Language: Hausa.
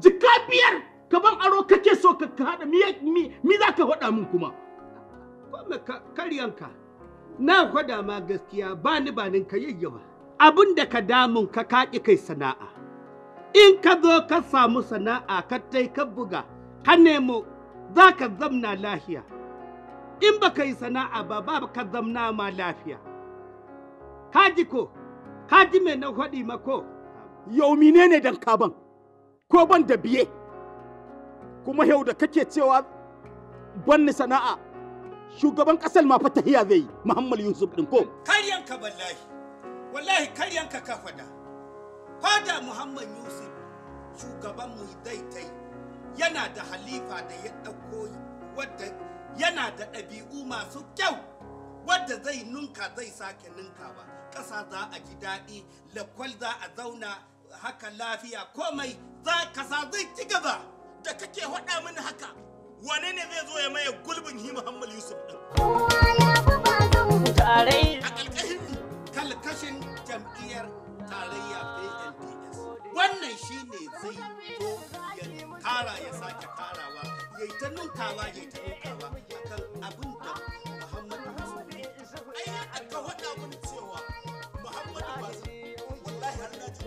jika biyar ka ban aro kake so ka hada mi za ka hada min kuma kuma karyanka na faɗa ma gaskiya ba ni ba kayayya ba abin da ka damun ka kaki kai sana'a in ka zo ka samu sana'a ka tai ka buga ka nemo za ka zamna lafiya in ba ka yi sana'a ba ba ka zamna ma lafiya ka ji ko ka ji mai na faɗi mako yau ne dan kaban ko ban da biye kuma yau da kake cewa banni sana'a shugaban kasar ma fatahiya zai yi muhammad yusuf din ko karyanka wallahi wallahi karyanka ka fada fada muhammad yusuf shugaban mu daitai yana da halifa da ya dauko wadda yana da ɗabi'u masu kyau wadda zai nunka zai sake ninka ba ƙasa za a ji daɗi lakwal za a zauna haka lafiya komai za ka sa zai ci gaba da kake faɗa mini haka wane ne zai zo ya maye gulbin hi muhammad yusuf din a ƙarƙashin kalkashin jam'iyyar tarayya pnds wannan shi ne zai zo ya kara ya sake karawa ya yi ta nuntawa ya yi ta a kan abin da